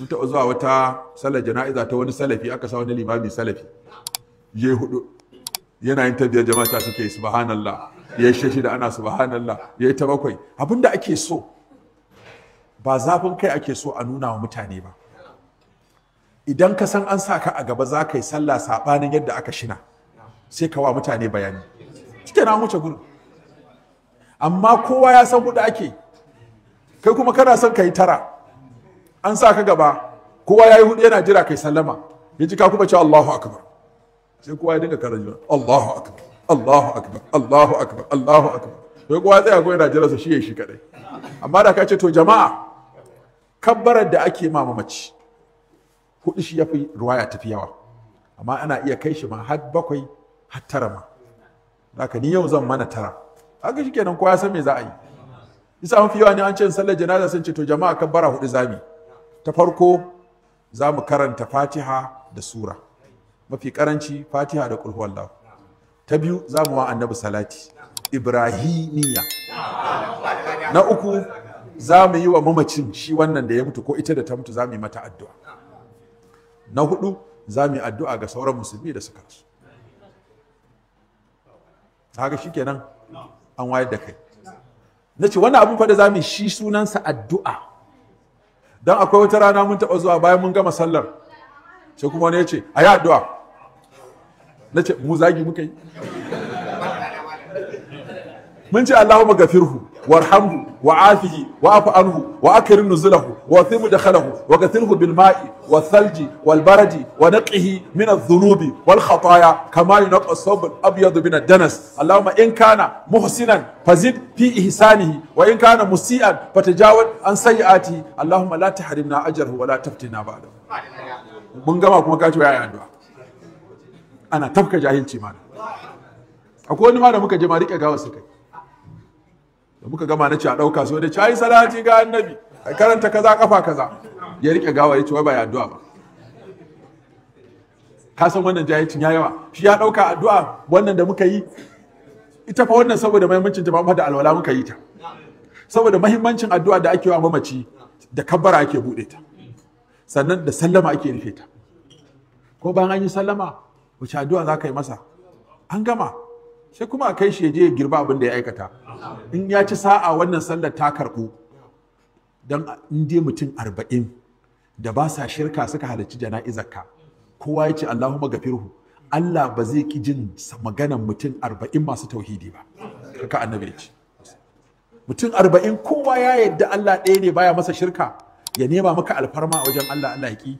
mun taɓa zuwa wata sallar jana'iza ta wani salafi aka sa wani limami salafi ya hudu yana yin tabbiyar jama'a suke yi subhanallah ya yi shashi da ana subhanallah ya yi ta bakwai abinda ake so ba zafin kai ake so a nuna wa mutane ba idan ka san an sa ka a gaba za ka yi sallah saɓanin yadda aka shina sai ka wa mutane bayani cike na wuce gudu amma kowa ya san hudu ake kai kuma kana son ka yi tara an sa ka gaba kowa ya yi hudu yana jira kai sallama ya ji ka kuma ce Allahu akbar sai kowa ya dinga karanta Allahu akbar Allahu akbar Allahu akbar Allahu akbar sai kowa ya tsaya ko yana jira sa shi ya shi kadai amma da ka ce to jama'a kabbarar da ake ma mamaci hudu shi yafi ruwaya tafi yawa amma ana iya kai shi ma har bakwai har tara ma haka ni yau zan mana tara haka shikenan kowa ya san me za a yi isa mafi yawa ne an ce sallar janaza sun ce to jama'a kabbara hudu zami ta farko za mu karanta fatiha da sura mafi karanci fatiha da Allah. ta biyu za mu wa annabi salati ibrahimiya na uku za mu yi wa mamacin shi wannan da ya mutu ko ita da ta mutu za mu yi mata addu'a na hudu za mu yi addu'a ga sauran musulmi da suka rasu haka shi kenan an wayar da kai na ce wannan abin fa za mu yi shi sunansa addu'a dan akwai wata rana mun taɓa zuwa bayan mun gama sallar sai kuma wani ya ce a yi addu'a na ce mu zagi muka yi mun ce allahumma gafirhu warhamhu وعافه وعف عنه وأكرم نزله وثم دخله وكثره بالماء والثلج والبرد ونقه من الذنوب والخطايا كما ينقى الثوب الأبيض من الدنس اللهم إن كان محسنا فزد في إحسانه وإن كان مسيئا فتجاوز عن سيئاته اللهم لا تحرمنا أجره ولا تفتنا بعده mun gama kuma ka ce ya addu'a ana tafka jahilci ma akwai wani ma da muka je ma rike gawa su kai da muka gama na ce a ɗauka sai da ce ai salati ga annabi a karanta kaza kafa kaza ya rike gawa ya ce wai ba ya addu'a ba ka san wannan jahilcin ya yawa shi ya ɗauka addu'a wannan da muka yi ita fa wannan saboda muhimmancin ta ba da alwala muka yi ta saboda muhimmancin addu'a da ake yi wa mamaci da kabbara ake buɗe ta sannan da sallama ake rufe ta ko ba an yi sallama wace addu'a za ka yi masa an gama sai kuma a kai shi ya je ya girba abin da ya aikata in ya ci sa'a wannan sallar ta karɓo. don in mutum arba'in da ba sa shirka suka halarci jana'izarka kowa ya ce Allahumma gafirhu Allah ba zai ki jin maganan mutum arba'in masu tauhidi ba kaka annabi ya ce mutum arba'in kowa ya yadda Allah ɗaya ne baya masa shirka ya nema maka alfarma a wajen Allah Allah ya ki